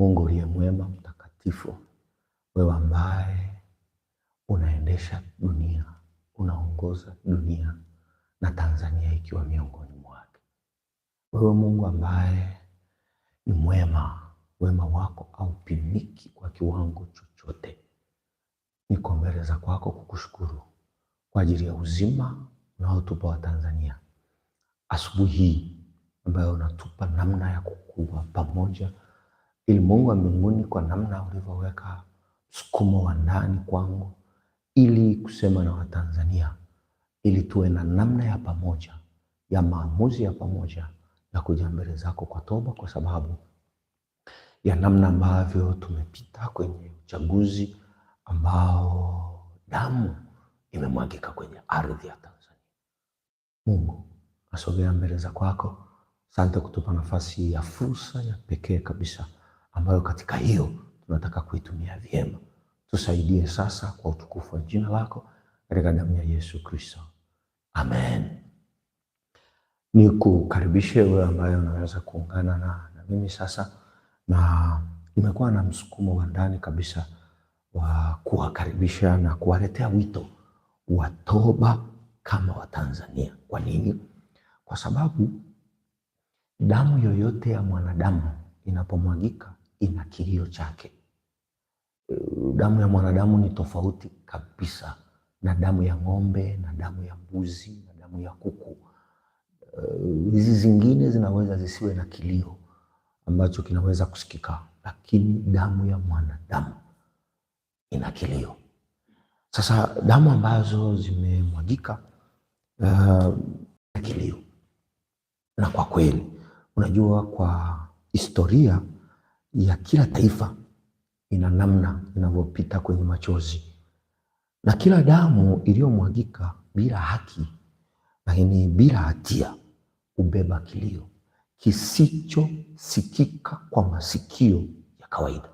Mungu uliye mwema, mtakatifu, wewe ambaye unaendesha dunia, unaongoza dunia na Tanzania ikiwa miongoni mwake. Wewe Mungu ambaye ni mwema, wema wako haupimiki kwa kiwango chochote. Niko mbele za kwako kukushukuru kwa ajili ya uzima unaotupa wa Tanzania asubuhi hii ambayo unatupa namna ya kukuwa pamoja ili Mungu wa mbinguni, kwa namna ulivyoweka msukumo wa ndani kwangu, ili kusema na Watanzania, ili tuwe na namna ya pamoja ya maamuzi ya pamoja ya kuja mbele zako kwa toba, kwa sababu ya namna ambavyo tumepita kwenye uchaguzi ambao damu imemwagika kwenye ardhi ya Tanzania. Mungu, asogea mbele za kwako. Asante kutupa nafasi ya fursa ya pekee kabisa ambayo katika hiyo tunataka kuitumia vyema. Tusaidie sasa kwa utukufu wa jina lako katika damu ya Yesu Kristo, amen. Ni kukaribishe wewe ambaye unaweza kuungana na, na mimi sasa, na imekuwa na msukumo wa ndani kabisa wa kuwakaribisha na kuwaletea wito wa toba kama Watanzania. Kwa nini? Kwa sababu damu yoyote ya mwanadamu inapomwagika ina kilio chake. Damu ya mwanadamu ni tofauti kabisa na damu ya ng'ombe na damu ya mbuzi na damu ya kuku. Hizi zingine zinaweza zisiwe na kilio ambacho kinaweza kusikika, lakini damu ya mwanadamu ina kilio. Sasa damu ambazo zimemwagika uh, kilio, na kwa kweli, unajua kwa historia ya kila taifa ina namna inavyopita kwenye machozi, na kila damu iliyomwagika bila haki, lakini bila hatia, hubeba kilio kisichosikika kwa masikio ya kawaida,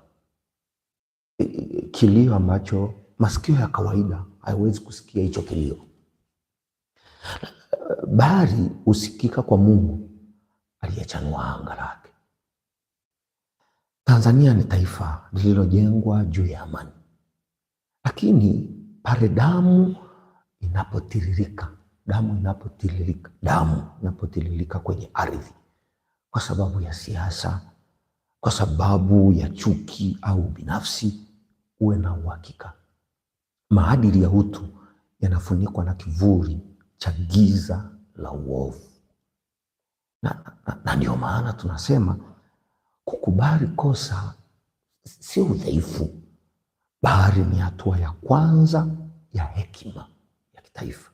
e, e, kilio ambacho masikio ya kawaida haiwezi kusikia hicho kilio, bali husikika kwa Mungu aliyechanua anga lake Tanzania ni taifa lililojengwa juu ya amani, lakini pale damu inapotiririka damu inapotiririka damu inapotiririka kwenye ardhi kwa sababu ya siasa, kwa sababu ya chuki au binafsi, uwe na uhakika maadili ya utu yanafunikwa na kivuli cha giza la uovu, na, na, na ndio maana tunasema Kukubali kosa sio udhaifu, bali ni hatua ya kwanza ya hekima ya kitaifa.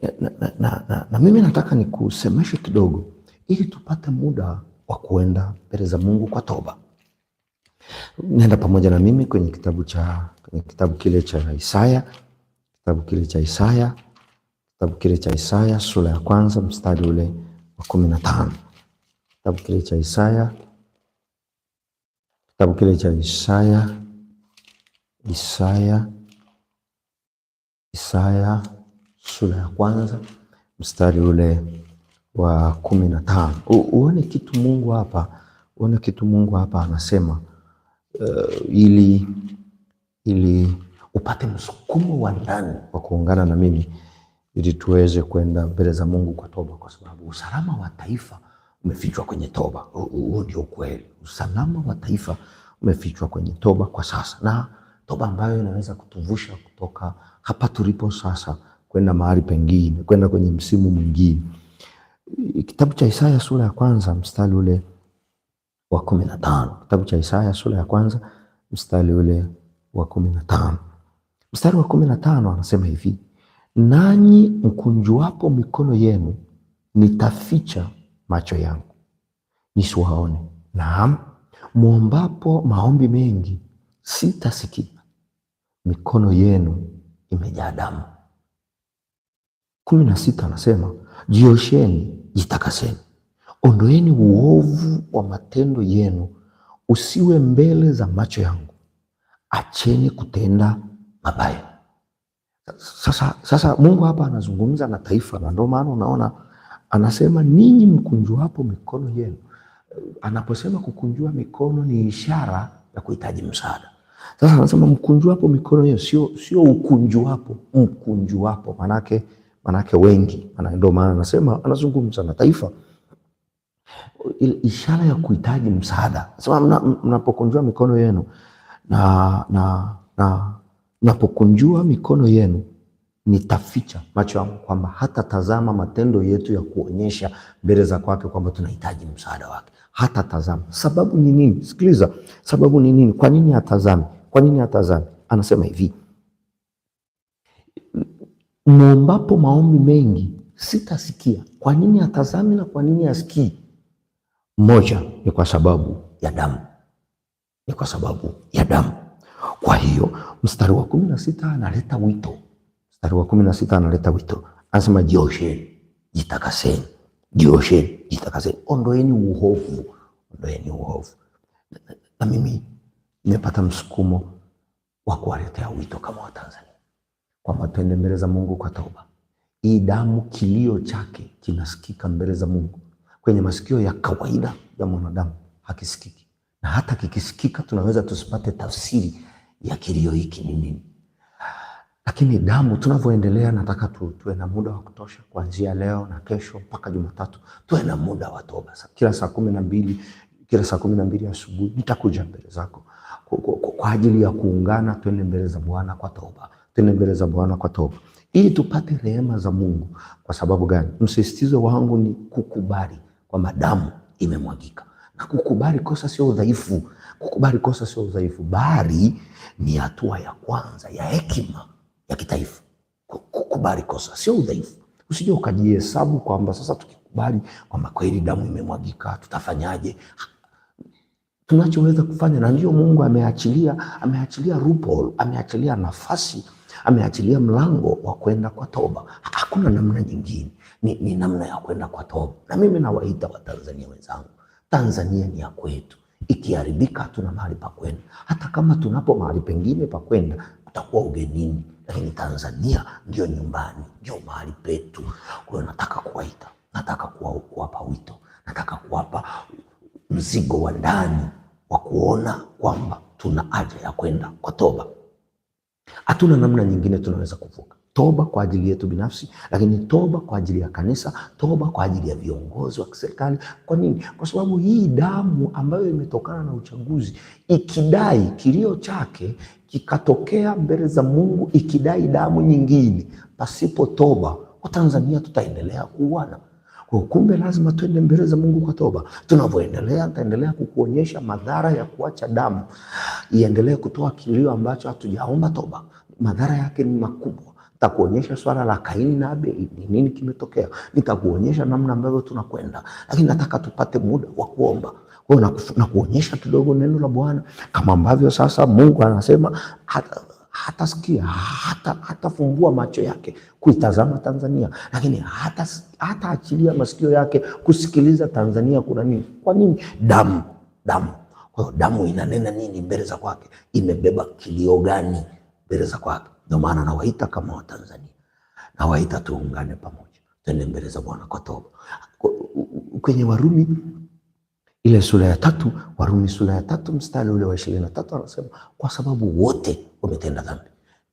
Na, na, na, na, na mimi nataka nikusemeshe kidogo ili tupate muda wa kuenda mbele za Mungu kwa toba. Nenda pamoja na mimi kwenye kitabu cha kwenye kitabu kile cha Isaya, kitabu kile cha Isaya, kitabu kile cha Isaya sura ya kwanza mstari ule wa kumi na tano, kitabu kile cha Isaya kitabu kile cha Isaya, Isaya, Isaya sura ya kwanza mstari ule wa kumi na tano. Uone kitu Mungu hapa, uone kitu Mungu hapa anasema uh, ili ili upate msukumo wa ndani wa kuungana na mimi ili tuweze kwenda mbele za Mungu kwa toba, kwa sababu usalama wa taifa umefichwa kwenye toba. Huo ndio kweli, Usalama wa taifa umefichwa kwenye toba kwa sasa, na toba ambayo inaweza kutuvusha kutoka hapa tulipo sasa kwenda mahali pengine, kwenda kwenye msimu mwingine. Kitabu cha Isaya sura ya kwanza mstari ule wa kumi na tano. Kitabu cha Isaya sura ya kwanza mstari ule wa kumi na tano. Mstari wa kumi na tano anasema hivi: nanyi mkunjuapo mikono yenu nitaficha macho yangu nisiwaone. Naam, mwombapo maombi mengi sitasikia, mikono yenu imejaa damu. kumi na sita anasema jiosheni, jitakaseni, ondoeni uovu wa matendo yenu usiwe mbele za macho yangu, acheni kutenda mabaya. Sasa, sasa Mungu hapa anazungumza na taifa, na ndio maana unaona Anasema ninyi mkunjuapo mikono yenu. Anaposema kukunjua mikono ni ishara ya kuhitaji msaada. Sasa anasema mkunjuapo mikono yenu, sio sio ukunjuapo, mkunjuapo manake manake wengi. Ndio maana anasema anazungumza na taifa, ishara ya kuhitaji msaada. Sema mnapokunjua mikono yenu na na na mnapokunjua mikono yenu nitaficha macho yangu kwamba hata tazama matendo yetu ya kuonyesha mbele za kwake kwamba tunahitaji msaada wake, hata tazama. Sababu ni nini? Sikiliza, sababu ni nini? Kwa nini atazame? Kwa nini atazame? Anasema hivi, muombapo maombi mengi sitasikia. Kwa nini atazame na kwa nini asikii? Moja ni kwa sababu ya damu, ni kwa sababu ya damu. Kwa hiyo mstari wa kumi na sita analeta wito Mstari wa kumi na sita analeta wito, anasema jiosheni, jitakaseni, jiosheni, jitakaseni, ondoeni uhofu, ondoeni uhofu. Na mimi nimepata msukumo wa kuwaletea wito kama Watanzania kwamba tuende mbele za Mungu kwa toba. Hii damu, kilio chake kinasikika mbele za Mungu, kwenye masikio ya kawaida ya mwanadamu hakisikiki, na hata kikisikika tunaweza tusipate tafsiri ya kilio hiki ni nini. Lakini damu, tunavyoendelea, nataka tu, tuwe na muda wa kutosha kuanzia leo na kesho mpaka Jumatatu, tuwe na muda wa toba. Kila saa kumi na mbili kila saa kumi na mbili asubuhi nitakuja mbele zako kwa, kwa, kwa, kwa ajili ya kuungana. Tuende mbele za Bwana kwa toba, tuende mbele za Bwana kwa toba ili tupate rehema za Mungu. Kwa sababu gani? Msisitizo wangu ni kukubali kwamba damu imemwagika na kukubali kosa sio udhaifu. Kukubali kosa sio udhaifu, bali ni hatua ya kwanza ya hekima ya kitaifa. Kukubali kosa sio udhaifu. Usije ukajihesabu kwamba sasa tukikubali kwamba kweli damu imemwagika tutafanyaje? Tunachoweza kufanya na ndio Mungu ameachilia, ameachilia loophole, ameachilia nafasi, ameachilia mlango wa kwenda kwa toba. Hakuna namna nyingine, ni, ni namna ya kwenda kwa toba. Na mimi nawaita Watanzania wenzangu, Tanzania ni ya kwetu, ikiharibika hatuna mahali pa kwenda. Hata kama tunapo mahali pengine pa kwenda, tutakuwa ugenini lakini Tanzania ndio nyumbani, ndio mahali petu. Kwa hiyo nataka kuwaita, nataka kuwapa wito, nataka kuwapa mzigo wa ndani wa kuona kwamba tuna haja ya kwenda kwa toba. Hatuna namna nyingine tunaweza kuvuka toba kwa ajili yetu binafsi, lakini toba kwa ajili ya kanisa, toba kwa ajili ya viongozi wa kiserikali. Kwa nini? Kwa sababu hii damu ambayo imetokana na uchaguzi ikidai kilio chake kikatokea mbele za Mungu, ikidai damu nyingine, pasipo toba, Tanzania tutaendelea kuuana. Kumbe lazima tuende mbele za Mungu kwa toba. Tunavyoendelea, nitaendelea kukuonyesha madhara ya kuacha damu iendelee kutoa kilio ambacho hatujaomba toba. Madhara yake ni makubwa nitakuonyesha swala la Kaini na Abeli ni nini kimetokea, nitakuonyesha namna ambavyo tunakwenda, lakini nataka tupate muda wa kuomba kwao na kuonyesha kidogo neno la Bwana kama ambavyo sasa Mungu anasema hata hatasikia hata hatafumbua macho yake kuitazama Tanzania, lakini hata hataachilia masikio yake kusikiliza Tanzania kuna nini. Kwa nini? Damu, damu. Kwa hiyo damu inanena nini mbele za kwake? Imebeba kilio gani mbele za kwake? Ndio maana nawaita kama Watanzania, nawaita tuungane pamoja, tuende mbele za Bwana kwa toba. Kwenye Warumi ile sura ya tatu, Warumi sura ya tatu mstari ule wa ishirini na tatu anasema kwa sababu wote wametenda dhambi.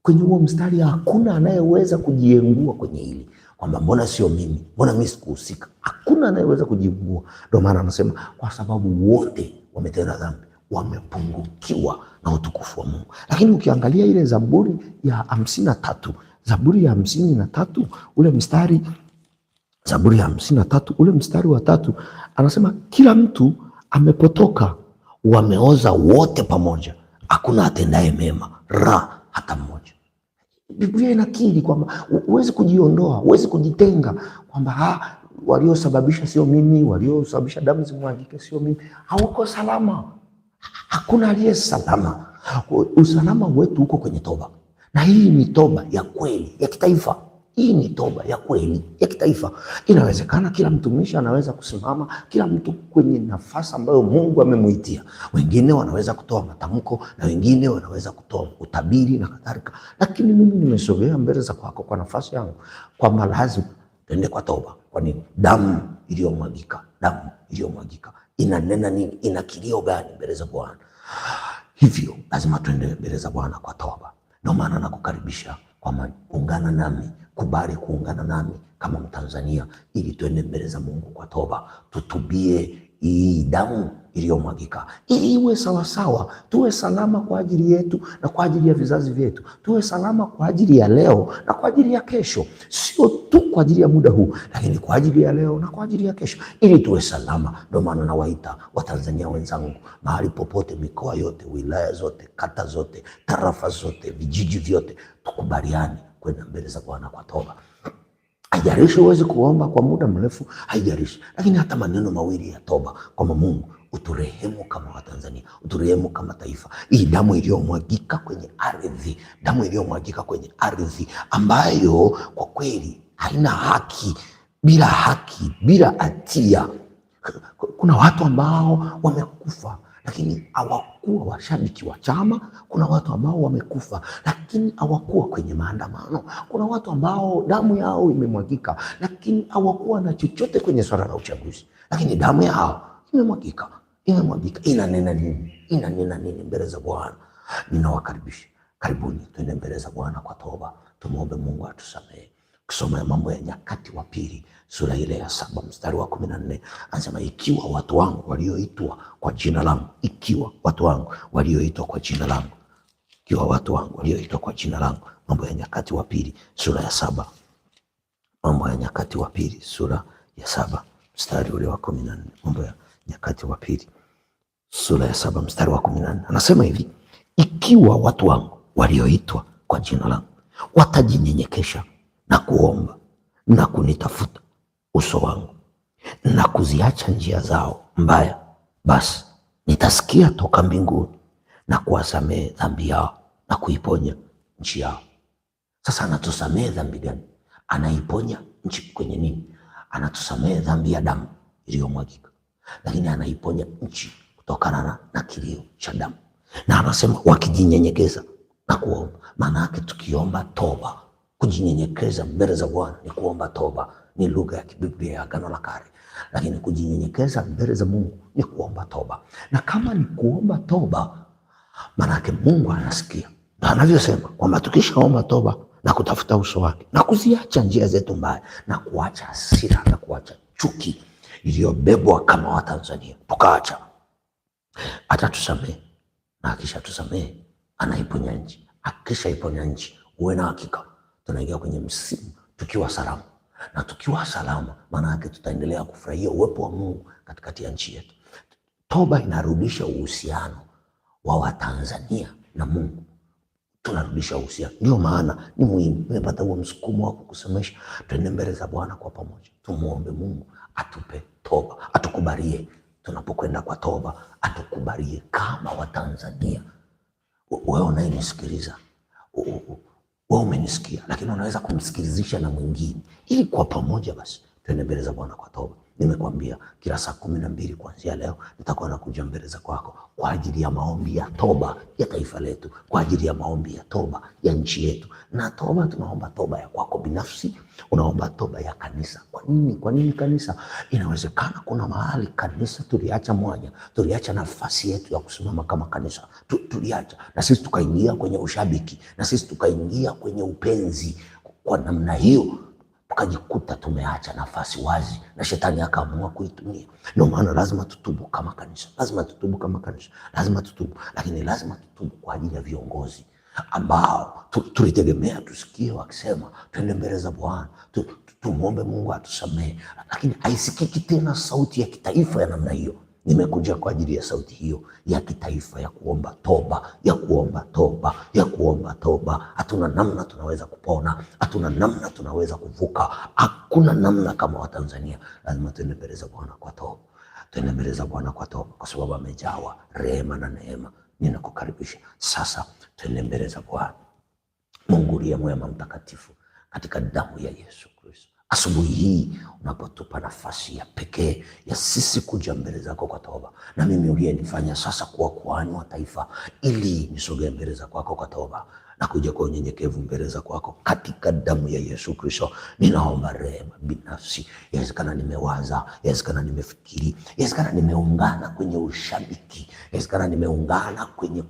Kwenye huo mstari hakuna anayeweza kujiengua kwenye hili kwamba mbona sio mimi, mbona mimi sikuhusika. Hakuna anayeweza kujiengua. Ndio maana anasema kwa sababu wote wametenda dhambi wamepungukiwa na utukufu wa Mungu. Lakini ukiangalia ile Zaburi ya hamsini na tatu Zaburi ya hamsini na tatu ule mstari Zaburi ya hamsini na tatu ule mstari wa tatu anasema kila mtu amepotoka, wameoza wote pamoja, hakuna atendaye mema ra hata mmoja. Biblia inakiri kwamba huwezi kujiondoa, huwezi kujitenga kwamba ah, waliosababisha sio mimi, waliosababisha damu zimwagike sio mimi, hauko salama. Hakuna aliye salama. Usalama wetu uko kwenye toba, na hii ni toba ya kweli ya kitaifa. Hii ni toba ya kweli ya kitaifa. Inawezekana kila mtumishi anaweza kusimama, kila mtu kwenye nafasi ambayo Mungu amemuitia. Wengine wanaweza kutoa matamko na wengine wanaweza kutoa utabiri na kadhalika, lakini mimi nimesogea mbele za kwako kwa nafasi yangu, kwa lazima tuende kwa toba. Kwa nini? Damu iliyomwagika, damu iliyomwagika inanena nini, ina kilio gani mbele za Bwana. Hivyo lazima tuende mbele za Bwana kwa toba. Ndio maana nakukaribisha kwamba ungana nami, kubali kuungana nami kama Mtanzania ili tuende mbele za Mungu kwa toba, tutubie hii damu iliyomwagika, ili iwe sawasawa, tuwe salama kwa ajili yetu na kwa ajili ya vizazi vyetu, tuwe salama kwa ajili ya leo na kwa ajili ya kesho, sio tu kwa ajili ya muda huu, lakini kwa ajili ya leo na kwa ajili ya kesho, ili tuwe salama. Ndio maana nawaita Watanzania wenzangu, mahali popote, mikoa yote, wilaya zote, kata zote, tarafa zote, vijiji vyote, tukubaliane kwenda mbele za Bwana kwa toba. Haijalishi uwezi kuomba kwa muda mrefu, haijarishi lakini hata maneno mawili ya toba kwamba Mungu uturehemu kama Watanzania, uturehemu kama taifa. Hii damu iliyomwagika kwenye ardhi, damu iliyomwagika kwenye ardhi ambayo kwa kweli haina haki, bila haki, bila hatia. Kuna watu ambao wamekufa lakini hawakuwa washabiki wa chama. Kuna watu ambao wamekufa, lakini hawakuwa kwenye maandamano. Kuna watu ambao damu yao imemwagika, lakini hawakuwa na chochote kwenye swala la uchaguzi, lakini damu yao imemwagika, imemwagika. Inanena nini? Inanena nini mbele za Bwana? Ninawakaribisha, karibuni, tuende mbele za Bwana kwa toba, tumwombe Mungu atusamehe. Kusoma ya Mambo ya Nyakati wa Pili sura ile ya saba mstari wa kumi na nne anasema ikiwa watu wangu walioitwa kwa jina langu, ikiwa watu wangu walioitwa kwa jina langu, ikiwa watu wangu walioitwa kwa jina langu. Mambo ya Nyakati wa Pili sura ya saba Mambo ya Nyakati wa Pili sura ya saba mstari ule wa kumi na nne Mambo ya Nyakati wa Pili sura ya saba mstari wa kumi na nne anasema hivi, ikiwa watu wangu walioitwa kwa jina langu watajinyenyekesha na kuomba na kunitafuta uso wangu na kuziacha njia zao mbaya, basi nitasikia toka mbinguni na kuwasamehe dhambi yao na kuiponya nchi yao. Sasa anatusamehe dhambi gani? Anaiponya nchi kwenye nini? Anatusamehe dhambi ya damu iliyomwagika, lakini anaiponya nchi kutokana na, na kilio cha damu, na anasema wakijinyenyekeza na kuomba. Maana yake tukiomba toba, kujinyenyekeza mbele za Bwana ni kuomba toba ni lugha ya kibiblia ya Agano la Kale, lakini kujinyenyekeza mbele za Mungu ni kuomba toba, na kama ni kuomba toba, maanake Mungu anasikia na anavyosema kwamba tukishaomba toba na kutafuta uso wake na kuziacha njia zetu mbaya na kuacha hasira na kuacha chuki iliyobebwa kama Watanzania tukaacha, atatusamehe na akishatusamehe anaiponya nchi. iponya nchi, uwe na hakika tunaingia kwenye msimu tukiwa salama na tukiwa salama, maana yake tutaendelea kufurahia uwepo wa Mungu katikati ya nchi yetu. Toba inarudisha uhusiano wa Watanzania na Mungu, tunarudisha uhusiano. Ndio maana ni muhimu, nimepata huo msukumo wa kukusemesha, tuende mbele za Bwana kwa pamoja, tumwombe Mungu atupe toba, atukubalie tunapokwenda kwa toba, atukubalie kama Watanzania. Wewe unayenisikiliza wewe umenisikia, lakini unaweza kumsikilizisha na mwingine, ili kwa pamoja basi tuende mbele za Bwana kwa toba. Nimekwambia kila saa kumi na mbili kuanzia leo nitakuwa nakuja mbele za kwako kwa ajili ya maombi ya toba ya taifa letu, kwa ajili ya maombi ya toba ya nchi yetu. Na toba, tunaomba toba ya kwako binafsi, unaomba toba ya kanisa. Kwa nini? Kwa nini kanisa? Inawezekana kuna mahali kanisa tuliacha mwanya, tuliacha nafasi yetu ya kusimama kama kanisa, tuliacha na sisi tukaingia kwenye ushabiki, na sisi tukaingia kwenye upenzi. Kwa namna hiyo tukajikuta tumeacha nafasi wazi na shetani akaamua kuitumia. Ndio maana lazima tutubu kama kanisa, lazima tutubu kama kanisa, lazima tutubu, lakini lazima tutubu kwa ajili ya viongozi ambao tulitegemea tusikie wakisema twende mbele za Bwana, tumwombe Mungu atusamehe, lakini haisikiki tena sauti ya kitaifa ya namna hiyo. Nimekuja kwa ajili ya sauti hiyo ya kitaifa ya kuomba toba, ya kuomba toba, ya kuomba toba. Hatuna namna tunaweza kupona, hatuna namna tunaweza kuvuka, hakuna namna kama Watanzania. Lazima tuende mbele za Bwana kwa toba, tuende mbele za Bwana kwa toba, kwa sababu amejawa rehema na neema. Ninakukaribisha sasa, tuende mbele za Bwana. Mungu uliye mwema, mtakatifu, katika damu ya Yesu Kristo asubuhi hii unapotupa nafasi ya pekee ya sisi kuja mbele zako kwa toba, na mimi uliyenifanya sasa kuwa kuhani wa taifa, ili nisogee mbele za kwako kwa toba na kuja kwa unyenyekevu mbele za kwako, katika damu ya Yesu Kristo ninaomba rehema binafsi. Yawezekana nimewaza, yawezekana nimefikiri, yawezekana nimeungana kwenye ushabiki, yawezekana nimeungana kwenye,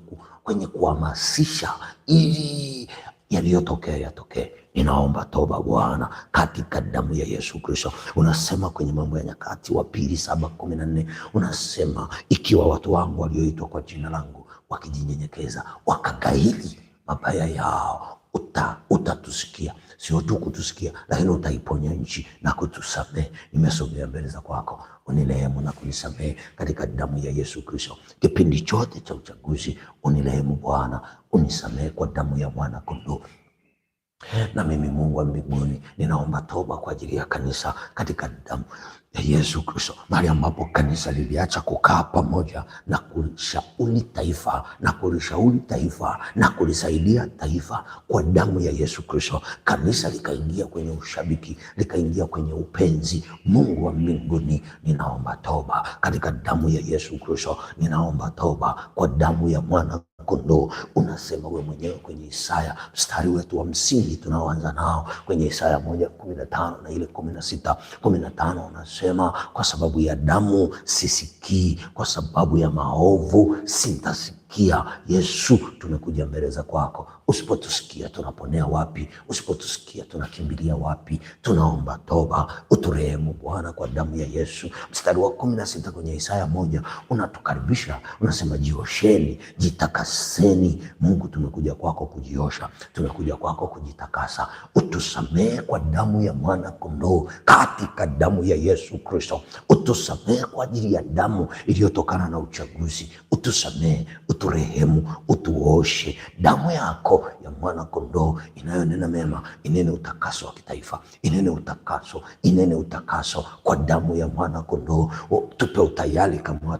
kwenye kuhamasisha ili yaliyotokea yatokee. Ninaomba toba Bwana, katika damu ya Yesu Kristo. Unasema kwenye Mambo ya Nyakati wa pili saba kumi na nne unasema ikiwa watu wangu walioitwa kwa jina langu wakijinyenyekeza wakagaili mabaya yao, utatusikia uta sio tu kutusikia, lakini utaiponya nchi na kutusamehe. Nimesogea mbele za kwako, unirehemu na kunisamehe katika damu ya Yesu Kristo. Kipindi chote cha uchaguzi, unirehemu Bwana, unisamehe kwa damu ya mwana kondoo na mimi Mungu wa mbinguni, ninaomba toba kwa ajili ya kanisa katika damu ya Yesu Kristo, mahali ambapo kanisa liliacha kukaa pamoja na kulishauri taifa na kulishauri taifa na kulisaidia taifa kwa damu ya Yesu Kristo. Kanisa likaingia kwenye ushabiki, likaingia kwenye upenzi. Mungu wa mbinguni, ninaomba toba katika damu ya Yesu Kristo, ninaomba toba kwa damu ya mwana kondoo. Unasema we mwenyewe kwenye Isaya mstari wetu wa msingi tunaoanza nao kwenye Isaya moja kumi na tano na ile kumi na sita kumi na tano unasema kwa sababu ya damu sisikii, kwa sababu ya maovu sintasi tunakusikia Yesu, tumekuja mbele za kwako. Usipotusikia tunaponea wapi? Usipotusikia tunakimbilia wapi? Tunaomba toba, uturehemu Bwana kwa damu ya Yesu. Mstari wa kumi na sita kwenye Isaya moja unatukaribisha unasema, jiosheni jitakaseni. Mungu, tumekuja kwako kujiosha, tumekuja kwako kujitakasa. Utusamehe kwa damu ya mwana kondoo, katika damu ya Yesu Kristo. Utusamehe kwa ajili ya damu iliyotokana na uchaguzi. Utusamehe uturehemu, utuoshe. Damu yako ya mwana kondoo inayonena mema, inene utakaso wa kitaifa, inene utakaso, inene utakaso kwa damu ya mwana kondoo. Tupe utayari kama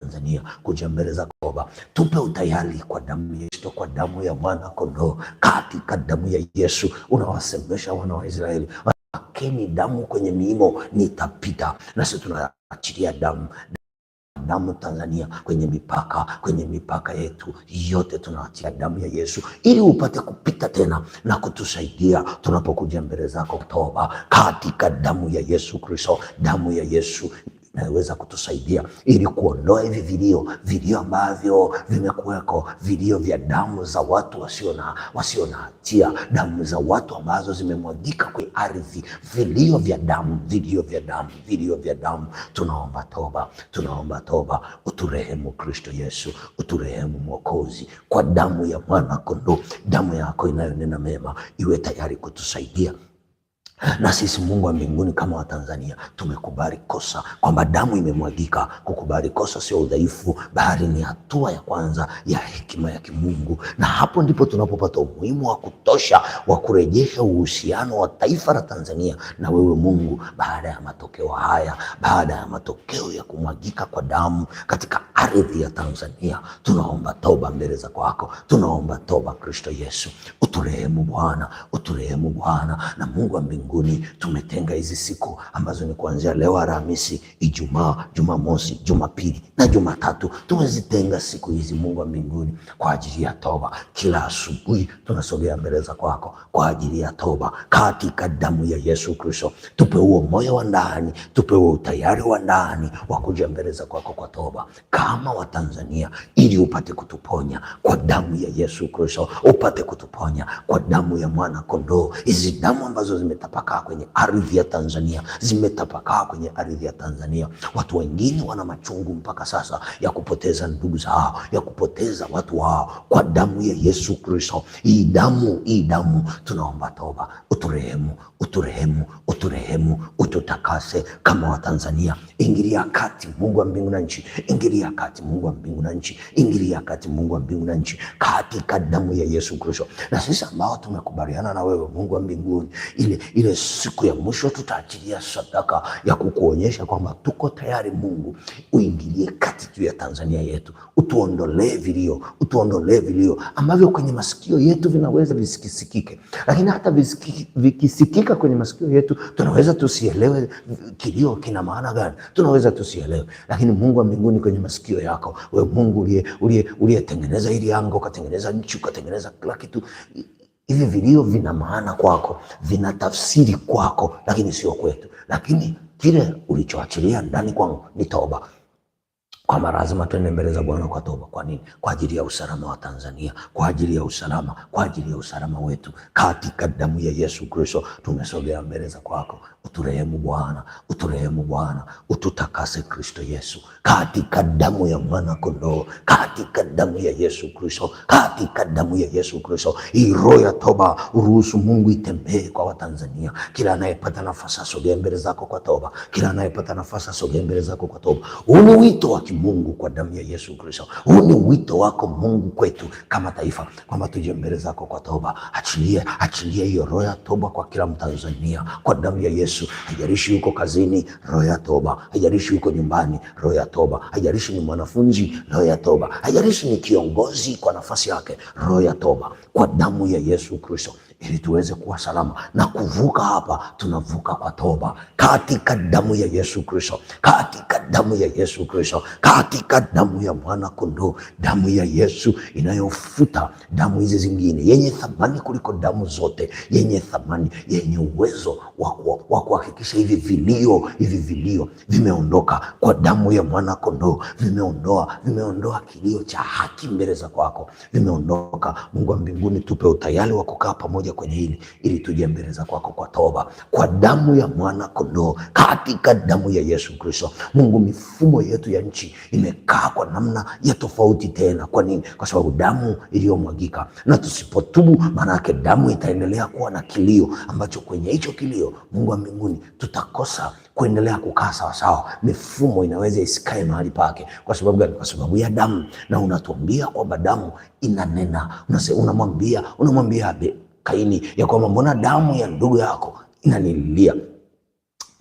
Tanzania kuja mbele za koba tupe utayari kwa damu ya Yesu, kwa damu ya mwana kondoo. Katika damu ya Yesu unawasemesha wana wa Israeli, wakeni damu kwenye miimo nitapita. Nasi tunaachilia damu damu Tanzania, kwenye mipaka, kwenye mipaka yetu yote tunaachia damu ya Yesu ili upate kupita tena na kutusaidia tunapokuja mbele zako toba, katika damu ya Yesu Kristo, damu ya Yesu inayoweza kutusaidia ili kuondoa hivi vilio, vilio ambavyo vimekuweko, vilio vya damu za watu wasio na wasio na hatia, damu za watu ambazo zimemwagika kwenye ardhi, vilio vya damu, vilio vya damu, vilio vya damu. Tunaomba toba, tunaomba toba, uturehemu Kristo Yesu, uturehemu Mwokozi, kwa damu ya mwana kondoo, damu yako inayonena mema iwe tayari kutusaidia na sisi Mungu wa mbinguni, kama Watanzania tumekubali kosa, kwamba damu imemwagika. Kukubali kosa sio udhaifu, bali ni hatua ya kwanza ya hekima ya kimungu, na hapo ndipo tunapopata umuhimu wa kutosha wa kurejesha uhusiano wa taifa la Tanzania na wewe Mungu, baada ya matokeo haya, baada ya matokeo ya kumwagika kwa damu katika ardhi ya Tanzania. Tunaomba toba mbele za kwako, tunaomba toba Kristo Yesu. Uturehemu Bwana, uturehemu Bwana na Mungu wa mbinguni mbinguni. Tumetenga hizi siku ambazo ni kuanzia leo Alhamisi, Ijumaa, Jumamosi, Jumapili na Jumatatu. Tumezitenga siku hizi, Mungu wa mbinguni, kwa ajili ya toba. Kila asubuhi tunasogea mbele za kwako kwa ajili ya toba, katika damu ya Yesu Kristo. Tupe huo moyo wa ndani, tupe huo utayari wa ndani wa kuja mbele za kwako kwa toba kama Watanzania, ili upate kutuponya kwa damu ya Yesu Kristo, upate kutuponya kwa damu ya mwana kondoo, hizi damu ambazo zimeta zimetapakaa kwenye ardhi ya Tanzania, zimetapakaa kwenye ardhi ya Tanzania. Watu wengine wana machungu mpaka sasa ya kupoteza ndugu zao, ya kupoteza watu wao kwa damu ya Yesu Kristo. Hii damu, hii damu, tunaomba toba, uturehemu, uturehemu, uturehemu, ututakase kama Watanzania. Ingilia kati, Mungu wa mbingu na nchi, ingilia kati, Mungu wa mbingu na nchi, ingilia kati, Mungu wa mbingu na nchi, katika damu ya Yesu Kristo. Na sisi ambao tumekubaliana na wewe, Mungu wa mbinguni, ile ile siku ya mwisho tutaachilia sadaka ya kukuonyesha kwamba tuko tayari. Mungu uingilie kati juu ya Tanzania yetu, utuondolee vilio, utuondolee vilio ambavyo kwenye masikio yetu vinaweza visikisikike, lakini hata visiki, vikisikika kwenye masikio yetu tunaweza tusielewe kilio kina maana gani, tunaweza tusielewe. Lakini Mungu wa mbinguni, kwenye masikio yako we Mungu uliyetengeneza hili anga, ukatengeneza nchi, ukatengeneza kila kitu hivi vilio vina maana kwako, vina tafsiri kwako, lakini sio kwetu. Lakini kile ulichoachilia ndani kwangu ni toba, kwamba lazima tuende mbele za Bwana kwa toba. Kwa nini? Kwa ajili ya usalama wa Tanzania, kwa ajili ya usalama, kwa ajili ya usalama wetu. Katika damu ya Yesu Kristo tumesogea mbele za kwako. Uturehemu Bwana, uturehemu Bwana, ututakase Kristo Yesu, katika damu ya mwana kondoo, katika damu ya Yesu Kristo, katika damu ya Yesu Kristo. Hii roho ya toba uruhusu Mungu itembee kwa Watanzania. Kila anayepata nafasi asogee mbele zako kwa toba, kila anayepata nafasi asogee mbele zako kwa toba. Huu ni wito wa kimungu kwa damu ya Yesu Kristo. Huu ni wito wako Mungu kwetu kama taifa, kwamba tuje mbele zako kwa toba. Achilie, achilie hiyo roho ya toba kwa kila Mtanzania kwa damu ya Yesu Yesu. Haijalishi yuko kazini, roho ya toba. Haijalishi yuko nyumbani, roho ya toba. Haijalishi ni mwanafunzi, roho ya toba. Haijalishi ni kiongozi kwa nafasi yake, roho ya toba, kwa damu ya Yesu Kristo ili tuweze kuwa salama na kuvuka hapa. Tunavuka kwa toba, katika damu ya Yesu Kristo, katika damu ya Yesu Kristo, katika damu ya mwana kondoo, damu ya Yesu inayofuta damu hizi zingine, yenye thamani kuliko damu zote, yenye thamani, yenye uwezo wa kuhakikisha hivi vilio hivi vilio vimeondoka kwa damu ya mwana kondoo, vimeondoa vimeondoa kilio cha haki mbele za kwako, vimeondoka. Mungu wa mbinguni, tupe utayari wa kukaa pamoja kuja kwenye hili ili tuje mbele za kwako kwa toba, kwa damu ya mwana kondoo, katika damu ya Yesu Kristo. Mungu, mifumo yetu ya nchi imekaa kwa namna ya tofauti tena. Kwa nini? Kwa sababu damu iliyomwagika, na tusipotubu, maana yake damu itaendelea kuwa na kilio ambacho kwenye hicho kilio, Mungu wa mbinguni, tutakosa kuendelea kukaa sawasawa. Mifumo inaweza isikae mahali pake. Kwa sababu gani? Kwa sababu ya damu. Na unatuambia kwamba damu inanena, unamwambia unamwambia Kaini ya kwamba mbona damu ya ndugu yako inanililia?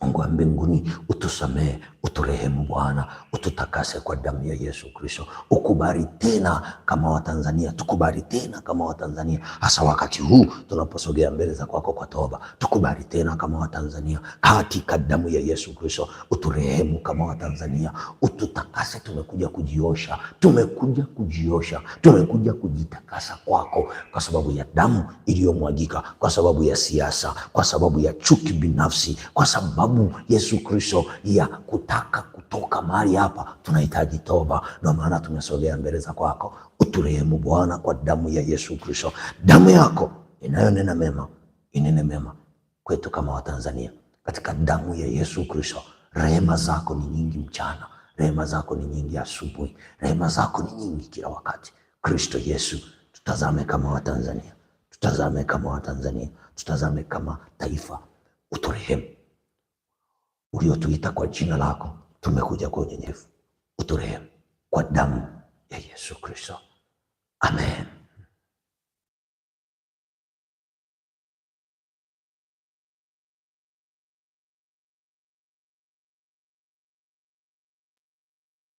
Mungu wa mbinguni utusamehe uturehemu Bwana, ututakase kwa damu ya Yesu Kristo. Ukubali tena kama Watanzania, tukubali tena kama Watanzania, hasa wakati huu tunaposogea mbele za kwako kwa toba. Tukubali tena kama Watanzania katika damu ya Yesu Kristo, uturehemu kama Watanzania, ututakase. Tumekuja kujiosha, tumekuja kujiosha, tumekuja kujitakasa kwako, kwa sababu ya damu iliyomwagika, kwa sababu ya siasa, kwa sababu ya chuki binafsi, kwa sababu Yesu Kristo ya tunataka kutoka mahali hapa, tunahitaji toba. Ndio maana tumesogea mbele za kwako, uturehemu Bwana kwa damu ya Yesu Kristo, damu yako inayonena mema, inene mema kwetu kama Watanzania katika damu ya Yesu Kristo. Rehema zako ni nyingi mchana, rehema zako ni nyingi asubuhi, rehema zako ni nyingi kila wakati. Kristo Yesu, tutazame kama Watanzania, tutazame kama Watanzania, tutazame kama taifa, uturehemu uliotuita kwa jina lako, tumekuja kwa unyenyevu. Uturehemu kwa damu ya Yesu Kristo. Amen.